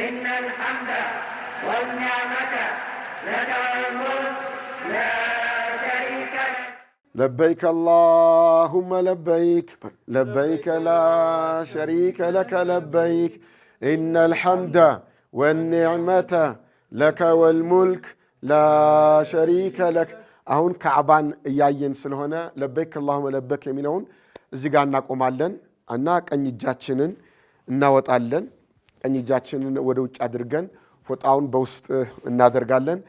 إن الحمد والنعمة لك والملك لا شريك لك لبيك اللهم لبيك لبيك لا شريك لك لبيك إن الحمد والنعمة لك والملك لا شريك لك አሁን ካዕባን እያየን ስለሆነ ለበይክ አላሁመ ለበክ የሚለውን እዚህ ጋር እናቆማለን እና ቀኝ እጃችንን እናወጣለን። ቀኝ እጃችንን ወደ ውጭ አድርገን ፎጣውን በውስጥ እናደርጋለን።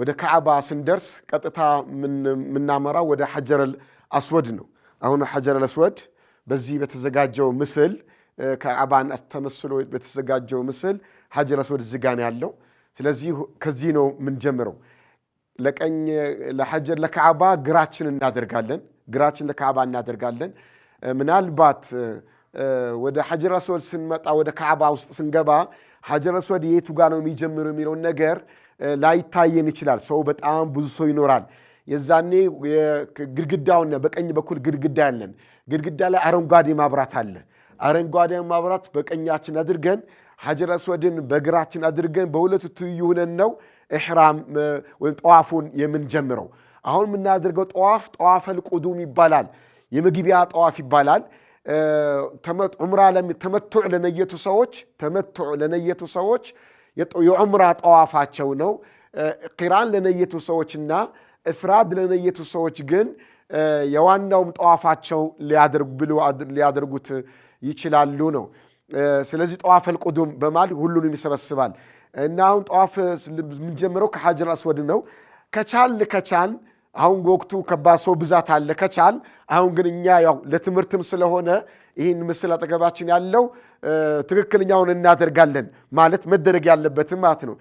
ወደ ካዕባ ስንደርስ ቀጥታ የምናመራው ወደ ሐጀረል አስወድ ነው። አሁን ሐጀረል አስወድ በዚህ በተዘጋጀው ምስል ከዓባን ተመስሎ በተዘጋጀው ምስል ሐጀረል አስወድ ዝጋ ነው ያለው። ስለዚህ ከዚህ ነው የምንጀምረው። ለቀኝ ለሐጀር ለካዕባ ግራችን እናደርጋለን ግራችን ለካዕባ እናደርጋለን ምናልባት ወደ ሐጀር አስወድ ስንመጣ ወደ ካዕባ ውስጥ ስንገባ ሐጀር አስወድ የቱ ጋ ነው የሚጀምረው የሚለውን ነገር ላይታየን ይችላል። ሰው በጣም ብዙ ሰው ይኖራል። የዛኔ ግድግዳውን በቀኝ በኩል ግድግዳ ያለን ግድግዳ ላይ አረንጓዴ ማብራት አለ። አረንጓዴ ማብራት በቀኛችን አድርገን ሐጀር አስወድን በግራችን አድርገን በሁለቱ ትይዩ ሆነን ነው ኢሕራም ወይም ጠዋፉን የምንጀምረው። አሁን የምናደርገው ጠዋፍ ጠዋፈል ቁዱም ይባላል። የመግቢያ ጠዋፍ ይባላል። ዑምራ ተመቱዕ ለነየቱ ሰዎች ተመቱዕ ለነየቱ ሰዎች የዑምራ ጠዋፋቸው ነው። ቂራን ለነየቱ ሰዎችና እፍራድ ለነየቱ ሰዎች ግን የዋናውም ጠዋፋቸው ሊያደርጉት ይችላሉ ነው። ስለዚህ ጠዋፍ አልቁዱም በማል ሁሉንም ይሰበስባል እና አሁን ጠዋፍ የምንጀምረው ከሐጀር አስወድ ነው። ከቻል ከቻል አሁን ወቅቱ ከባድ ሰው ብዛት አለ ከቻል አሁን ግን እኛ ያው ለትምህርትም ስለሆነ ይህን ምስል አጠገባችን ያለው ትክክለኛውን እናደርጋለን ማለት መደረግ ያለበትም ማለት ነው።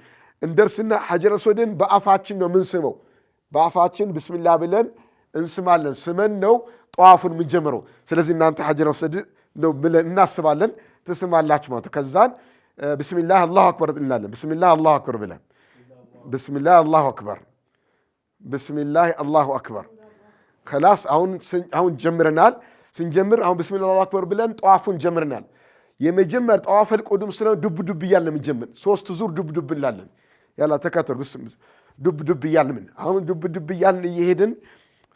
እንደርስና ሐጀረ ሶድን በአፋችን ነው ምንስመው። በአፋችን ብስሚላ ብለን እንስማለን። ስመን ነው ጠዋፉን የምንጀምረው። ስለዚህ እናንተ ሐጀረ ሶድ ነው ብለን እናስባለን። ትስማላችሁ ማለት ከዛን ብስሚላህ አላሁ አክበር እንላለን። ብስሚላህ አላሁ አክበር ብለን ብስሚላህ አላሁ አክበር ብስሚላህ አላሁ አክበር ከላስ አሁን ጀምረናል። ስንጀምር አሁን ብስሚላ አላሁ አክበር ብለን ጠዋፉን ጀምረናል። የመጀመር ጠዋፈል ቁዱም ስለሆነ ዱብ ዱብ እያልን የምንጀምር ሶስት ዙር ዱብ ዱብ እንላለን። ያላ ተከተሉ ዱብ ዱብ እያልን አሁን ዱብ ዱብ እያልን እየሄድን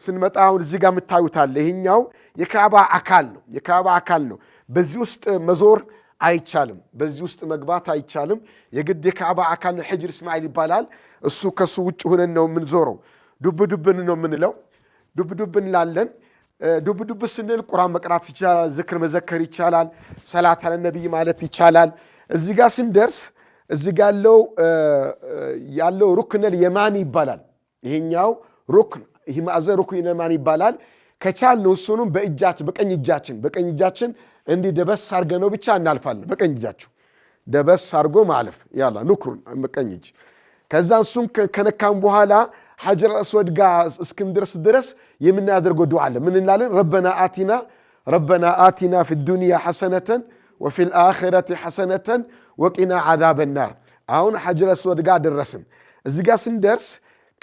ስንመጣ አሁን እዚህ ጋር የምታዩታለ ይሄኛው የካዕባ አካል ነው። የካዕባ አካል ነው። በዚህ ውስጥ መዞር አይቻልም። በዚህ ውስጥ መግባት አይቻልም። የግድ የካዕባ አካል ነው። ሕጅር እስማኤል ይባላል። እሱ ከሱ ውጭ ሁነን ነው የምንዞረው። ዱብ ዱብን ነው የምንለው። ዱብ ዱብ እንላለን። ዱብ ዱብ ስንል ቁራን መቅራት ይቻላል፣ ዝክር መዘከር ይቻላል፣ ሰላት አለ ነቢይ ማለት ይቻላል። እዚህ ጋር ስንደርስ እዚህ ጋ ያለው ሩክነል የማን ይባላል። ይሄኛው ሩክን ይህ ማዕዘን ሩክን የማን ይባላል። ከቻልነው እሱንም በእጃችን በቀኝ እጃችን በቀኝ እጃችን እንዲህ ደበስ አርገ ነው ብቻ እናልፋለን። በቀኝ እጃችሁ ደበስ አርጎ ማለፍ ያላ ኑክሩን በቀኝ እጅ ከዛ እሱም ከነካም በኋላ ሐጀር አስወድ ጋር እስክንደርስ ድረስ የምናደርገው ዱዓ አለ። ምን እንላለን? ረበና አቲና ረበና አቲና ፊ ዱንያ ሐሰነተን ወፊ ልአኺረት ሐሰነተን ወቂና ዓዛበ ናር። አሁን ሐጀር አስወድ ጋር ደረስን። እዚ ጋር ስንደርስ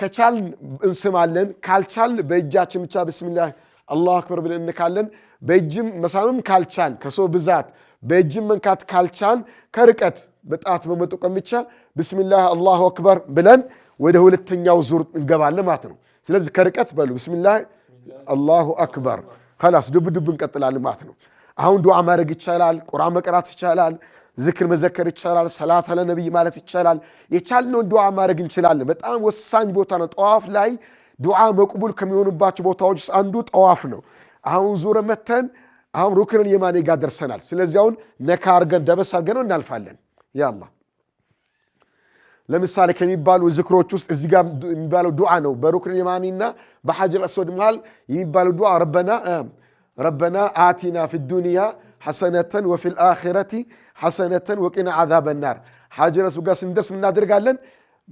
ከቻልን እንስማለን፣ ካልቻልን በእጃችን ብቻ ብስሚላህ አላሁ አክበር ብለን እንካለን። በእጅም መሳምም ካልቻል ከሰው ብዛት በእጅም መንካት ካልቻል ከርቀት በጣት በመጠቀም ብቻ ብስሚላህ አላሁ አክበር ብለን ወደ ሁለተኛው ዙር እንገባለን ማለት ነው። ስለዚህ ከርቀት በሉ ብስሚላህ አላሁ አክበር ከላስ ዱብ ዱብ እንቀጥላለን ማለት ነው። አሁን ዱዓ ማድረግ ይቻላል፣ ቁርአን መቅራት ይቻላል፣ ዝክር መዘከር ይቻላል፣ ሰላት ለነቢይ ማለት ይቻላል። የቻልነውን ዱዓ ማድረግ እንችላለን። በጣም ወሳኝ ቦታ ነው። ጠዋፍ ላይ ዱዓ መቅቡል ከሚሆኑባቸው ቦታዎች ውስጥ አንዱ ጠዋፍ ነው። አሁን ዙረ መተን አሁን ሩክንን የማኔ ጋር ደርሰናል። ስለዚህ አሁን ነካ አርገን ደበስ አርገን እናልፋለን። ያላ ለምሳሌ ከሚባሉ ዝክሮች ውስጥ እዚ ጋ የሚባለው ዱዓ ነው። በሩክን የማኒና በሐጅር አስወድ መሃል የሚባለው ዱዓ ረበና አቲና ፊ ዱንያ ሐሰነተን ወፊ ልአኺረቲ ሐሰነተን ወቂና ዓዛበ ናር። ሐጅረሱ ጋር ስንደርስ ምናደርጋለን?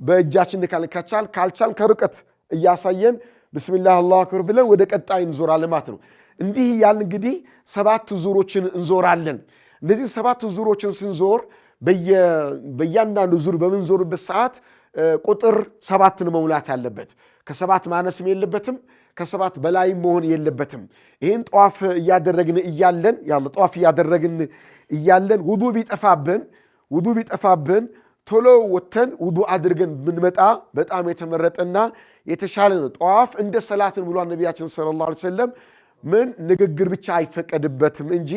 በእጃችን ካቻል ካልቻል ከርቀት እያሳየን ብስሚላህ አላሁ አክበር ብለን ወደ ቀጣይ እንዞራለን ማለት ነው። እንዲህ እያልን እንግዲህ ሰባት ዙሮችን እንዞራለን። እነዚህ ሰባት ዙሮችን ስንዞር በእያንዳንዱ ዙር በምንዞርበት ሰዓት ቁጥር ሰባትን መሙላት ያለበት ከሰባት ማነስም የለበትም ከሰባት በላይም መሆን የለበትም። ይህን ጠዋፍ እያደረግን እያለን ያለ ጠዋፍ እያደረግን እያለን ውዱ ቢጠፋብን ውዱ ቢጠፋብን ቶሎ ወተን ውዱ አድርገን ብንመጣ በጣም የተመረጠና የተሻለ ነው። ጠዋፍ እንደ ሰላትን ብሏል ነቢያችን ሰለላሁ ዐለይሂ ወሰለም። ምን ንግግር ብቻ አይፈቀድበትም እንጂ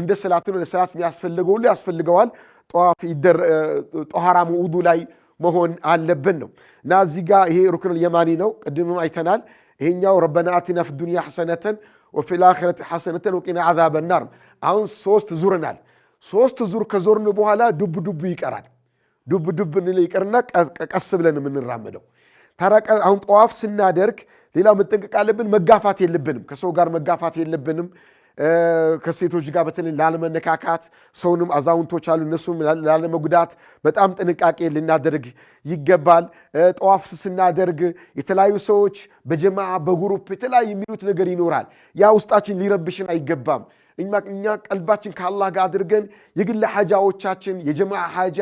እንደ ሰላት ነው። ለሰላት የሚያስፈልገው ሁሉ ያስፈልገዋል። ጠዋፍ ጠኋራ ውዱ ላይ መሆን አለብን ነው እና እዚህ ጋር ይሄ ሩክን የማኒ ነው። ቅድምም አይተናል። ይሄኛው ረበና አቲና ፊ ዱንያ ሐሰነተን ወፊ አኺረቲ ሐሰነተን ወቂና ዓዛበ ናር። አሁን ሶስት ዙርናል። ሶስት ዙር ከዞርን በኋላ ዱብ ዱብ ይቀራል። ዱብ ዱብ እንል ይቀርና ቀስ ብለን የምንራመደው ታራቀ አሁን ጠዋፍ ስናደርግ ሌላው መጠንቀቅ አለብን። መጋፋት የለብንም ከሰው ጋር መጋፋት የለብንም። ከሴቶች ጋር በተለይ ላለመነካካት ሰውንም አዛውንቶች አሉ እነሱም ላለመጉዳት በጣም ጥንቃቄ ልናደርግ ይገባል። ጠዋፍ ስናደርግ የተለያዩ ሰዎች በጀማ በጉሩፕ የተለያዩ የሚሉት ነገር ይኖራል። ያ ውስጣችን ሊረብሽን አይገባም። እኛ ቀልባችን ከአላህ ጋር አድርገን የግል ሐጃዎቻችን የጀማ ሐጃ፣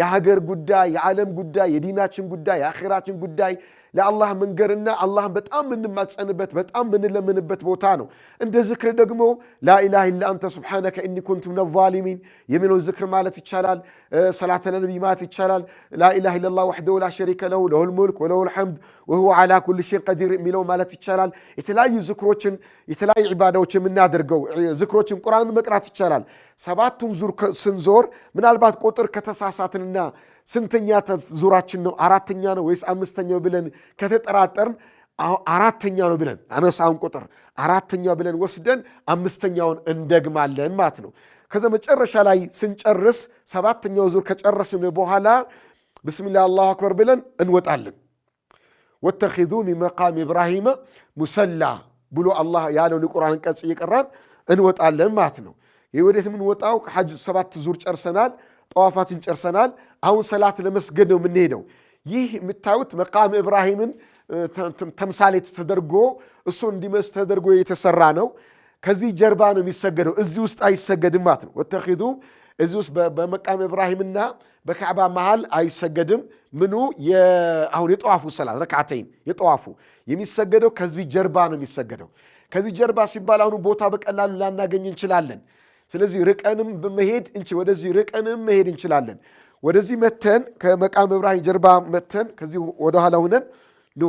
የሀገር ጉዳይ፣ የዓለም ጉዳይ፣ የዲናችን ጉዳይ፣ የአኼራችን ጉዳይ ለአላህ መንገርና አላህን በጣም የምንማጸንበት በጣም የምንለምንበት ቦታ ነው። እንደ ዝክር ደግሞ ላኢላህ ኢላ አንተ ሱብሓነከ ኢኒ ኩንቱ ሚነ ዛሊሚን የሚለውን ዝክር ማለት ይቻላል። ሰላተ ለነቢ ማለት ይቻላል። ላኢላህ ኢለላህ ወሕደሁ ላ ሸሪከ ለሁ ለሁል ሙልክ ወለሁል ሐምድ ወሁወ ዓላ ኩል ሸይን ቀዲር የሚለው ማለት ይቻላል። የተለያዩ ዝክሮችን የተለያዩ ዒባዳዎች የምናደርገው ዝክሮችን ቁርአንን መቅራት ይቻላል። ሰባቱም ዙር ስንዞር ምናልባት ቁጥር ከተሳሳትንና ስንተኛ ዙራችን ነው? አራተኛ ነው ወይስ አምስተኛው ብለን ከተጠራጠርን አራተኛ ነው ብለን አነሳውን ቁጥር አራተኛ ብለን ወስደን አምስተኛውን እንደግማለን ማለት ነው። ከዛ መጨረሻ ላይ ስንጨርስ ሰባተኛው ዙር ከጨረስን በኋላ ብስሚላ አላሁ አክበር ብለን እንወጣለን። ወተኪዙ ሚን መቃም ኢብራሂመ ሙሰላ ብሎ አላህ ያለውን የቁርአን ቀጽ እየቀራን እንወጣለን ማለት ነው። ይህ ወዴት የምንወጣው? ከሐጅ ሰባት ዙር ጨርሰናል። ጠዋፋትን ጨርሰናል። አሁን ሰላት ለመስገድ ነው የምንሄደው። ይህ የምታዩት መቃም እብራሂምን ተምሳሌት ተደርጎ እሱ እንዲመስ ተደርጎ የተሰራ ነው። ከዚህ ጀርባ ነው የሚሰገደው፣ እዚህ ውስጥ አይሰገድም ማለት ነው። ወተኪዱ እዚህ ውስጥ በመቃም እብራሂምና በካዕባ መሃል አይሰገድም። ምኑ አሁን የጠዋፉ ሰላት ረክዓተይን የጠዋፉ የሚሰገደው ከዚህ ጀርባ ነው የሚሰገደው። ከዚህ ጀርባ ሲባል አሁኑ ቦታ በቀላሉ ላናገኝ እንችላለን። ስለዚህ ርቀንም መሄድ እንች ወደዚህ ርቀንም መሄድ እንችላለን። ወደዚህ መተን ከመቃ መብርሃን ጀርባ መተን ከዚህ ወደኋላ ሁነን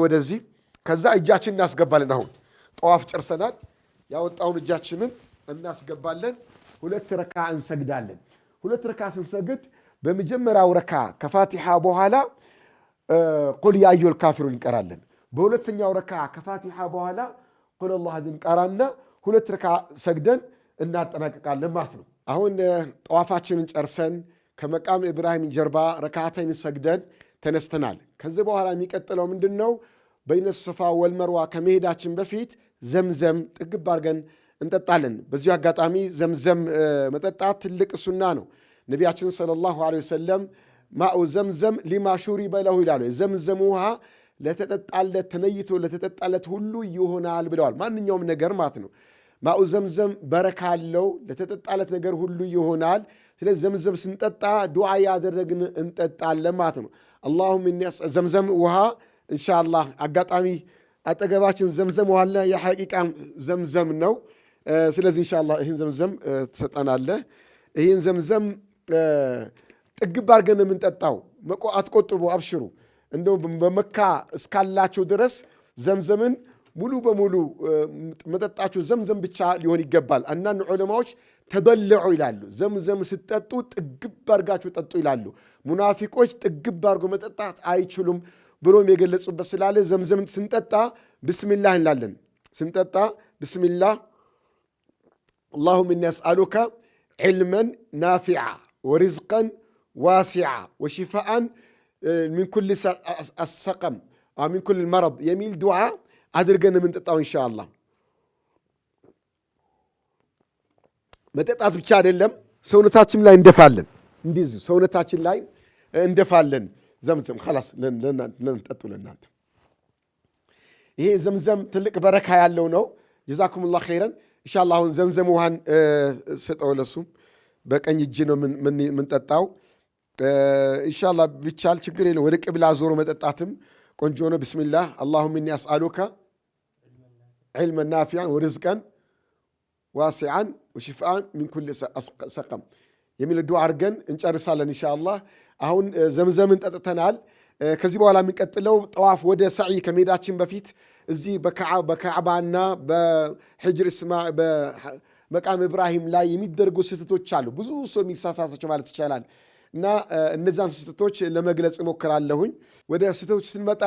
ወደዚህ ከዛ እጃችን እናስገባለን። አሁን ጠዋፍ ጨርሰናል። ያወጣውን እጃችንን እናስገባለን። ሁለት ረካ እንሰግዳለን። ሁለት ረካ ስንሰግድ በመጀመሪያው ረካ ከፋቲሓ በኋላ ቁል ያዩል ካፊሩን እንቀራለን። በሁለተኛው ረካ ከፋቲሓ በኋላ ቁል አላህ እንቀራና ሁለት ረካ ሰግደን እናጠናቀቃለን ማለት ነው። አሁን ጠዋፋችንን ጨርሰን ከመቃም ኢብራሂም ጀርባ ረካተን ሰግደን ተነስተናል። ከዚህ በኋላ የሚቀጥለው ምንድን ነው? በይነስፋ ወልመርዋ ከመሄዳችን በፊት ዘምዘም ጥግብ አድርገን እንጠጣለን። በዚሁ አጋጣሚ ዘምዘም መጠጣት ትልቅ ሱና ነው። ነቢያችን ሰለላሁ ዐለይሂ ወሰለም ማኡ ዘምዘም ሊማ ሹሪበ ይላሉ። የዘምዘም ውሃ ለተጠጣለት ተነይቶ ለተጠጣለት ሁሉ ይሆናል ብለዋል። ማንኛውም ነገር ማለት ነው። ማኡ ዘምዘም በረካ አለው፣ ለተጠጣለት ነገር ሁሉ ይሆናል። ስለዚህ ዘምዘም ስንጠጣ ዱዓ ያደረግን እንጠጣለን ማለት ነው። አላሁም ዘምዘም ውሃ እንሻላ አጋጣሚ አጠገባችን ዘምዘም ውሃና የሐቂቃ ዘምዘም ነው። ስለዚህ እንሻላ ይህን ዘምዘም ትሰጠናለህ። ይህን ዘምዘም ጥግብ አድርገን የምንጠጣው አትቆጥቡ፣ አብሽሩ። እንደውም በመካ እስካላቸው ድረስ ዘምዘምን ሙሉ በሙሉ መጠጣችሁ ዘምዘም ብቻ ሊሆን ይገባል። አንዳንድ ዑለማዎች ተበለዑ ይላሉ። ዘምዘም ስትጠጡ ጥግብ አድርጋችሁ ጠጡ ይላሉ። ሙናፊቆች ጥግብ አድርጎ መጠጣት አይችሉም ብሎም የገለጹበት ስላለ ዘምዘም ስንጠጣ ብስሚላህ እንላለን። ስንጠጣ ብስሚላህ አላሁም እኒ አስአሉከ ዕልመን ናፊዓ ወሪዝቀን ዋሲዓ ወሽፋአን ሚን ኩል ሰቀም ሚን ኩል መረድ የሚል ዱዓ አድርገን የምንጠጣው እንሻላ። መጠጣት ብቻ አይደለም፣ ሰውነታችን ላይ እንደፋለን። እንዲህ ሰውነታችን ላይ እንደፋለን። ዘምዘም ላስ ለንጠጡ ለእናንተ ይሄ ዘምዘም ትልቅ በረካ ያለው ነው። ጀዛኩሙላህ ኸይረን። እንሻላ አሁን ዘምዘም ውሃን ስጠው ለሱ። በቀኝ እጅ ነው የምንጠጣው። እንሻላ ቢቻል ችግር የለ ወደ ቅብላ ዞሮ መጠጣትም ቆንጆ ነው። ብስሚላህ አላሁም እኒ አስአሉካ ዒልመን ናፊያን ወርዝቀን ዋሲዓን ወሽፍአን ሚን ኩል ሰቀም የሚል ዱዓ አድርገን እንጨርሳለን ኢንሻአላህ። አሁን ዘምዘምን ጠጥተናል። ከዚህ በኋላ የሚቀጥለው ጠዋፍ ወደ ሰዕይ ከመሄዳችን በፊት እዚህ በካዕባና በሕጅር እስማ በመቃም ኢብራሂም ላይ የሚደረጉ ስህተቶች አሉ። ብዙ ሰው የሚሳሳታቸው ማለት ይቻላል እና እነዛን ስህተቶች ለመግለጽ እሞክራለሁኝ። ወደ ስህተቶች ስንመጣ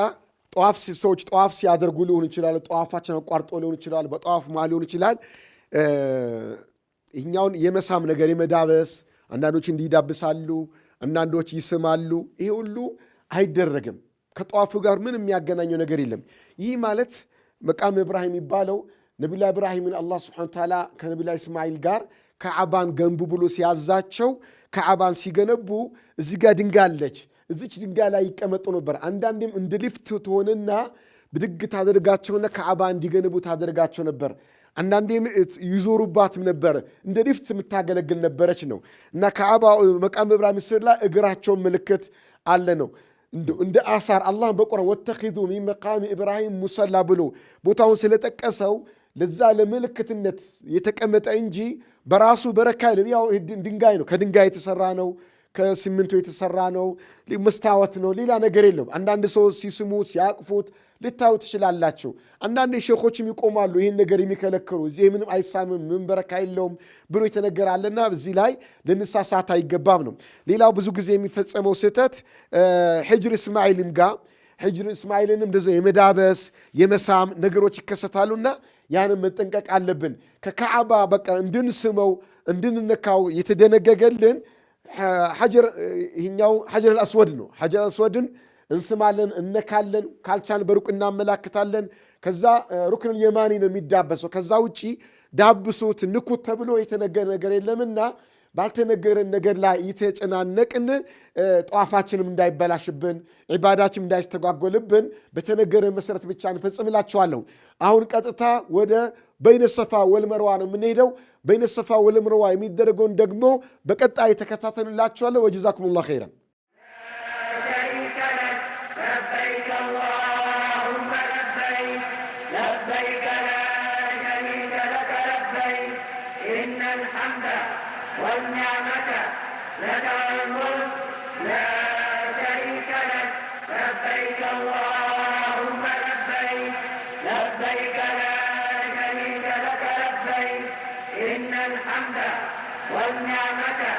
ጠዋፍ ሰዎች ጠዋፍ ሲያደርጉ ሊሆን ይችላል። ጠዋፋችን አቋርጦ ሊሆን ይችላል። በጠዋፍ ማ ሊሆን ይችላል። ይህኛውን የመሳም ነገር የመዳበስ አንዳንዶች እንዲዳብሳሉ፣ አንዳንዶች ይስማሉ። ይሄ ሁሉ አይደረግም። ከጠዋፉ ጋር ምን የሚያገናኘው ነገር የለም። ይህ ማለት መቃም እብራሂም የሚባለው ነቢላ ኢብራሂምን አላህ ስብሐነ ተዓላ ከነቢላ እስማኤል ጋር ከዓባን ገንቡ ብሎ ሲያዛቸው ከዓባን ሲገነቡ እዚህ ጋር ድንጋይ አለች እዚች ድንጋይ ላይ ይቀመጡ ነበር። አንዳንዴም እንደ ሊፍት ትሆንና ብድግ ታደርጋቸውና ከአባ እንዲገነቡ ታደርጋቸው ነበር። አንዳንዴም ይዞሩባትም ነበር። እንደ ሊፍት የምታገለግል ነበረች ነው እና ከአባ መቃም ብራ ምስር ላይ እግራቸውን ምልክት አለ ነው እንደ አሳር አላህ በቁርአን ወተኪዙ ሚን መቃሚ ኢብራሂም ሙሰላ ብሎ ቦታውን ስለጠቀሰው ለዛ ለምልክትነት የተቀመጠ እንጂ በራሱ በረካ ድንጋይ ነው፣ ከድንጋይ የተሰራ ነው። ከሲሚንቶ የተሰራ ነው፣ መስታወት ነው፣ ሌላ ነገር የለም። አንዳንድ ሰው ሲስሙት ሲያቅፉት ልታዩ ትችላላችሁ። አንዳንድ ሼኮችም ይቆማሉ ይህን ነገር የሚከለክሉ እዚህ ምንም አይሳምም ምን በረካ የለውም ብሎ የተነገራለና እዚህ ላይ ልንሳሳት አይገባም ነው። ሌላው ብዙ ጊዜ የሚፈጸመው ስህተት ሕጅር እስማኤልም ጋር ሕጅር እስማኤልንም እንደዚ የመዳበስ የመሳም ነገሮች ይከሰታሉና ያንም መጠንቀቅ አለብን። ከካዕባ በቃ እንድንስመው እንድንነካው የተደነገገልን ይህኛው ሐጀር አልአስወድ ነው። ሐጀር አልአስወድን እንስማለን፣ እነካለን፣ ካልቻን በሩቅ እናመላክታለን። ከዛ ሩክን የማኒ ነው የሚዳበሰው። ከዛ ውጪ ዳብሱት ንኩት ተብሎ የተነገረ ነገር የለምና ባልተነገረን ነገር ላይ የተጨናነቅን ጠዋፋችንም እንዳይበላሽብን ዒባዳችንም እንዳይስተጓጎልብን በተነገረ መሰረት ብቻ እንፈጽምላቸዋለሁ አሁን ቀጥታ ወደ በይነ ሰፋ ወልመርዋ ነው የምንሄደው። በይነ ሰፋ ወለምሮዋ የሚደረገውን ደግሞ በቀጣይ የተከታተሉላችኋለሁ። ወጀዛኩሙላሁ ኸይረን። لا شريك لك لبيك الله والنعمة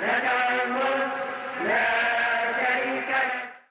ندعو المولى